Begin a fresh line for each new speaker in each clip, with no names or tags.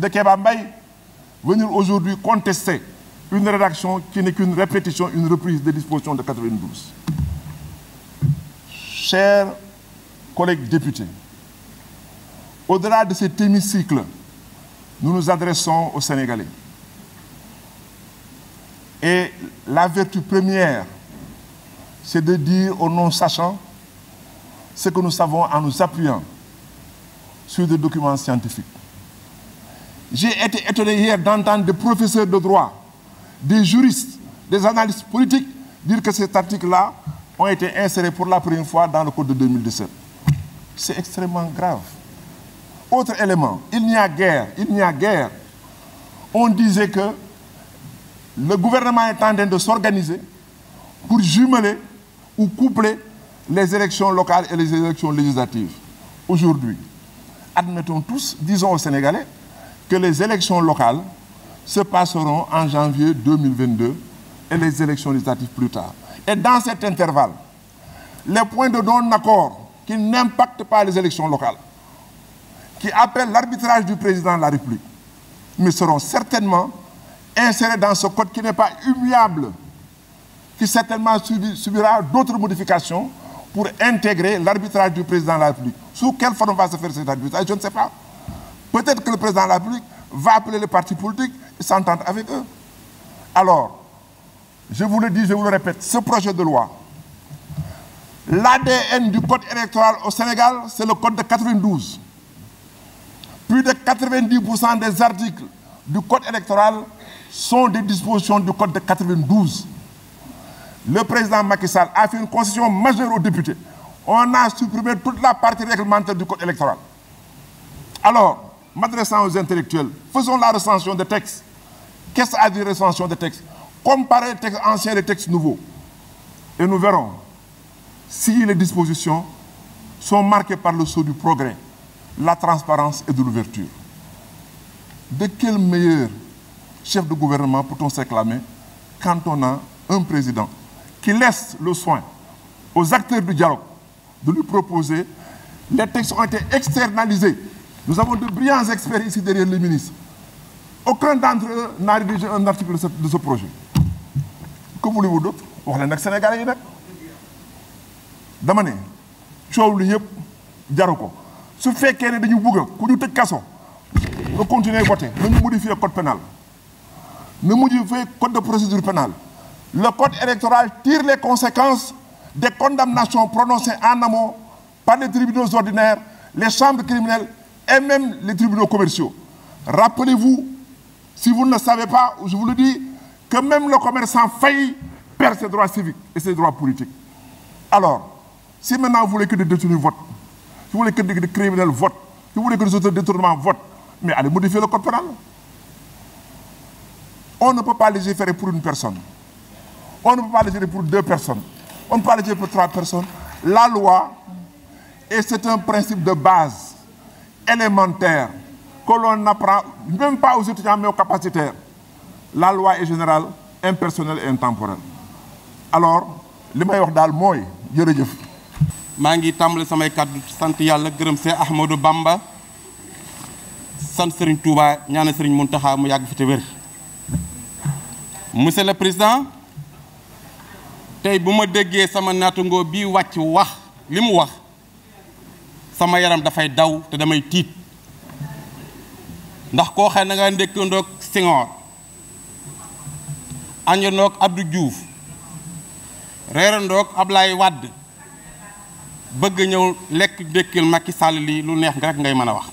de Kéba Mbaye venir aujourd'hui contester une rédaction qui n'est qu'une répétition, une reprise des dispositions de 92. Chers collègues députés, au-delà de cet hémicycle, nous nous adressons au Sénégalais. Et la vertu première, c'est de dire au non-sachants ce que nous savons en nous appuyant sur des documents scientifiques. J'ai été étonné hier d'entendre des professeurs de droit, des juristes, des analystes politiques dire que cet article-là ont été insérés pour la première fois dans le code de 2017. C'est extrêmement grave. Autre élément, il n'y a guère, On disait que le gouvernement est en train de s'organiser pour jumeler ou coupler les élections locales et les élections législatives. Aujourd'hui, admettons tous, disons aux Sénégalais, que les élections locales se passeront en janvier 2022 et les élections législatives plus tard. Et dans cet intervalle, les points de non-accord qui n'impactent pas les élections locales, qui appellent l'arbitrage président de la République, ce code qui n'est pas humiliable, qui certainement subira d'autres modifications pour intégrer l'arbitrage du président de la République. Sous quelle forme va se faire Peut-être que président de la République va appeler les partis politiques et Alors, je vous le dis, je vous le répète, ce projet de loi, l'ADN du code électoral au Sénégal, c'est le code de 92. Plus de 90% des articles du code électoral sont des dispositions du code de 92. Le président Macky Sall a fait une concession majeure aux députés. On a supprimé toute la partie réglementaire du code électoral. Alors, m'adressant aux intellectuels, faisons la recension des textes. Qu'est-ce à dire recension des textes Comparer textes anciens et textes nouveaux. Et nous verrons si les dispositions sont marquées par le sceau du progrès, la transparence et de l'ouverture. De quel meilleur chef de gouvernement peut-on s'éclamer quand on a un président qui laisse le soin aux acteurs du dialogue de lui proposer les textes ont été externalisés Nous avons de brillants experts ici derrière les ministres. Aucun d'entre naar n'a rédigé un article de ce projet. que voulez-vous d'autre wax leen nag Sénégalais yi nag dama ne coow lu yëpp jaru ko su fekkee ne dañu bugg a ku ñu tëj kaso nga continuer voter nañu modifier code pénal na modifier code de procédure pénale le code électoral tire les conséquences des condamnations prononcées en amont par les tribunaux ordinaires les chambres criminelles et même les tribunaux commerciaux. Rappelez-vous, si vous ne le savez pas, je vous le dis, que même le commerçant failli perd ses droits civiques et ses droits politiques. Alors, si maintenant vous voulez que des détenus votent, si vous voulez que des criminels votent, si vous voulez que les autres détournements votent, mais allez modifier le code pénal. On ne peut pas légiférer pour une personne. On ne peut pas légiférer pour deux trois personnes. La loi, et c'est un principe de base élémentaire que l'on n'apprend même pas aux étudiants mais aux capacitaires. La loi est générale, impersonnelle et intemporelle. alors li may wax daal mooy jërëjëf. maa ngi
tàmbali samay kàddu sant yàlla gërëm see Ahmadou Bamba sant Serigne Touba ñaanal Serigne Mountakha mu yàgg fi te wér. monsieur le président tey bu ma déggee sama naatangoo bii wàcc wax li mu wax. sama yaram dafay daw te damay tiit ndax koo xam ne nga ndékkandoog Senghor añandoog Abdou Diouf reerandoog Ablaye Wade bëgg ñëw lekk ndékkil Macky Sall lii lu neex nga ngay mën a wax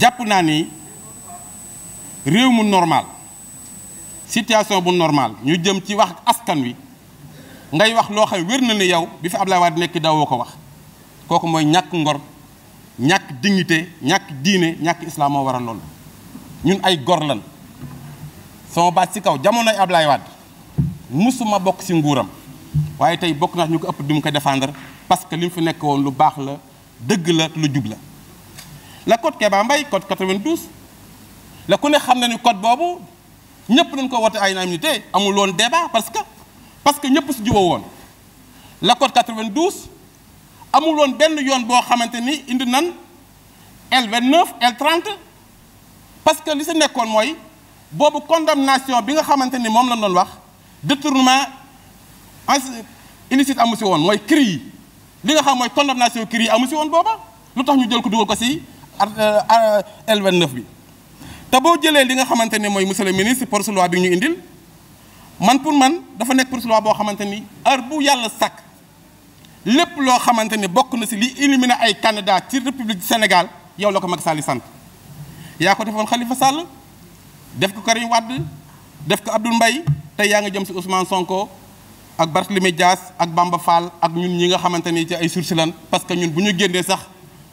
jàpp naa ni réew mu normal situation bu normal ñu jëm ci wax askan wi ngay wax loo xam wér na ni yow bi fi Ablaye nekki daw woo ko wax kooku mooy ñàkk ngor ñàkk dignité ñàkk diine ñàkk islam moo war waral loolu ñun ay gor lan sama baat ci kaw jamonoy Ablaye Wade musuma bokk ci nguuram waaye tey bokk naa ñu ko ëpp di mu ko défendre parce que li mu fi nekk woon lu baax la dëgg la lu jub la la code mbay Mbaye code 92 la ku ne xam na ni code boobu ñëpp dañ ko wote ay unanimité amul woon débat parce que parce que ñëpp si jubóo woon la code 92 amul woon benn yoon boo xamante ni indi nan L29 L30 parce que li si nekkoon mooy boobu condamnation bi nga xamante ni moom lañ doon wax détournement illicite amu si woon mooy CRI yi li nga xam mooy condamnation CRI yi amu ci woon booba lu tax ñu jël ko dugal ko si euh, euh, L29 bi te boo jëlee li nga xamante ni mooy monsieur le ministre projet de bi ñu indil man pour man dafa nekk projet boo xamante ni heure bu yàlla sàkk lépp loo xamante ne bokk na si li éliminé ay candidat ci république du Sénégal yow la ko Macky saali sant yaa ko defoon Khalifa Sall def ko Karim Wade def ko Abdoul mbay tey yaa ngi jëm si Ousmane Sonko ak Barthélémy Dias ak Bamba Fall ak ñun ñi nga xamante ni ci ay sources lan parce que ñun bu ñu génnee sax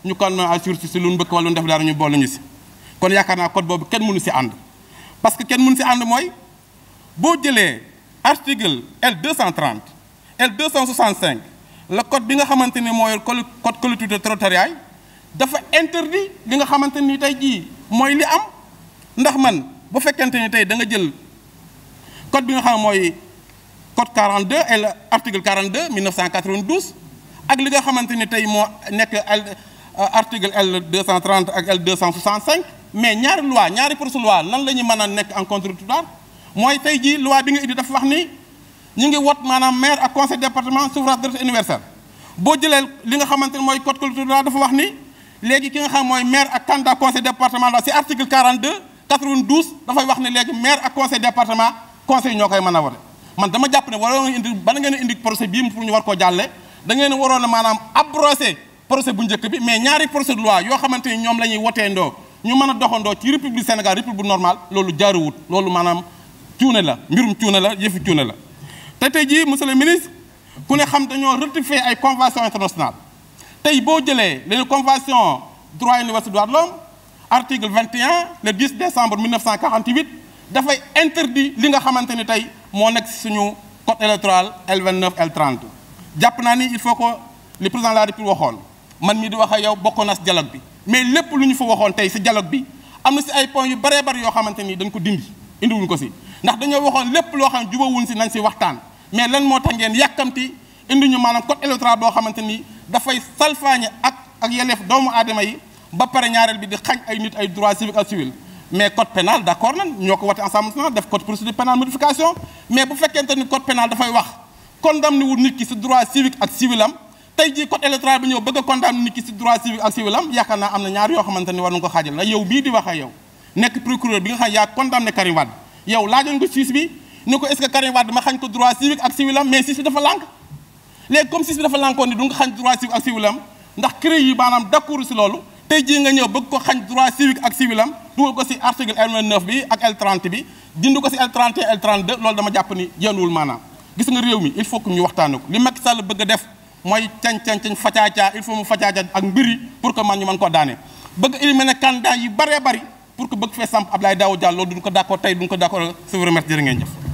ñu kon na ay sources si lu ñu bëgg lu def dara ñu boole ñu si kon yaakaar naa code boobu kenn mënu si ànd parce que kenn mënu si ànd mooy boo jëlee article L 230 L 265. le code bi nga xamante ni mooy code collectivité territoriale dafa interdit li nga xamante ni tey jii mooy li am ndax man bu fekkente ni tey da nga jël code bi nga xam mooy code 42 et le article 42 1992 ak li nga xamante ni tey moo nekk L euh, article L 230 ak L 265 mais ñaari loi ñaari projet loi nan la ñu mën a nekk en contradictoire mooy tey jii loi bi nga indi dafa wax ni. ñu ngi wot maanaam maire ak conseil département suffrage universel boo jëlee li nga xamante ne mooy code électoral dafa wax ni léegi ki nga xam mooy maire ak candidat conseil départemental ci article 42 92 dafay wax ne léegi maire ak conseil département conseil ñoo koy mën a wote man dama jàpp ne waroon indi bala ngeen indi procès bii pour ñu war koo jàlle da ngeen waroon a maanaam abrogé procès bu njëkk bi mais ñaari procès de loi yoo xamante ni ñoom la ñuy woteendoo ñu mën a doxandoo ci république Sénégal république normale loolu jaaruwut loolu maanaam cuune la mbirum cuune la yëfi cuune la te tey jii monsieur le ministre ku ne xam dañoo ratifié ay convention internationale tey boo jëlee les convention droit universel droits de l'homme article 21 le 10 décembre 1948 dafay interdit li nga xamante ni tey moo nekk suñu code électoral L29 L30 jàpp naa ni il faut que le président de la République waxoon man mii di wax ak yow bokkoon na si dialogue bi mais lépp lu ñu fa waxoon tey si dialogue bi am na si ay points yu bëree bëri yoo xamante ni dañ ko dindi indiwuñ ko si ndax dañoo waxoon lépp loo xam jubawuñ si nañ si waxtaan mais lan moo tax ngeen yàkkamti indi ñu maanaam code électoral boo xamante ni dafay salfaañe ak ak yelleef doomu aadama yi ba pare ñaareel bi di xañ ay nit ay droits civiques ak civils mais code pénal d' accord nan ñoo ko wate ensemble national def code procédure pénale modification mais bu fekkente ni code pénal dafay wax condamné wu nit ki si droit civique ak civil am tey jii code électoral bi ñëw bëgg a condamné nit ki si droit civique ak civil am yaakaar naa am na ñaar yoo xamante ni war ni ko est-ce que Karim Wade ma xañ ko droit civique ak civil am mais sis bi dafa lànk léegi comme sis bi dafa lànkoon ni du nga xañ droit civique ak civil am ndax CREI yi maanaam d'accord si loolu tey jii nga ñëw bëgg ko xañ droit civique ak civil am dugal ko si article L29 bi ak L30 bi dindi ko si L31 L32 loolu dama jàpp ni yéenuwul maanaam gis nga réew mi il faut que ñu waxtaane ko li Macky Sall bëgg a def mooy cañ cañ cañ facaacaa il faut mu facaacaa ak mbir yi pour que man ñu mën ko daane bëgg éliminer ko d'accord tey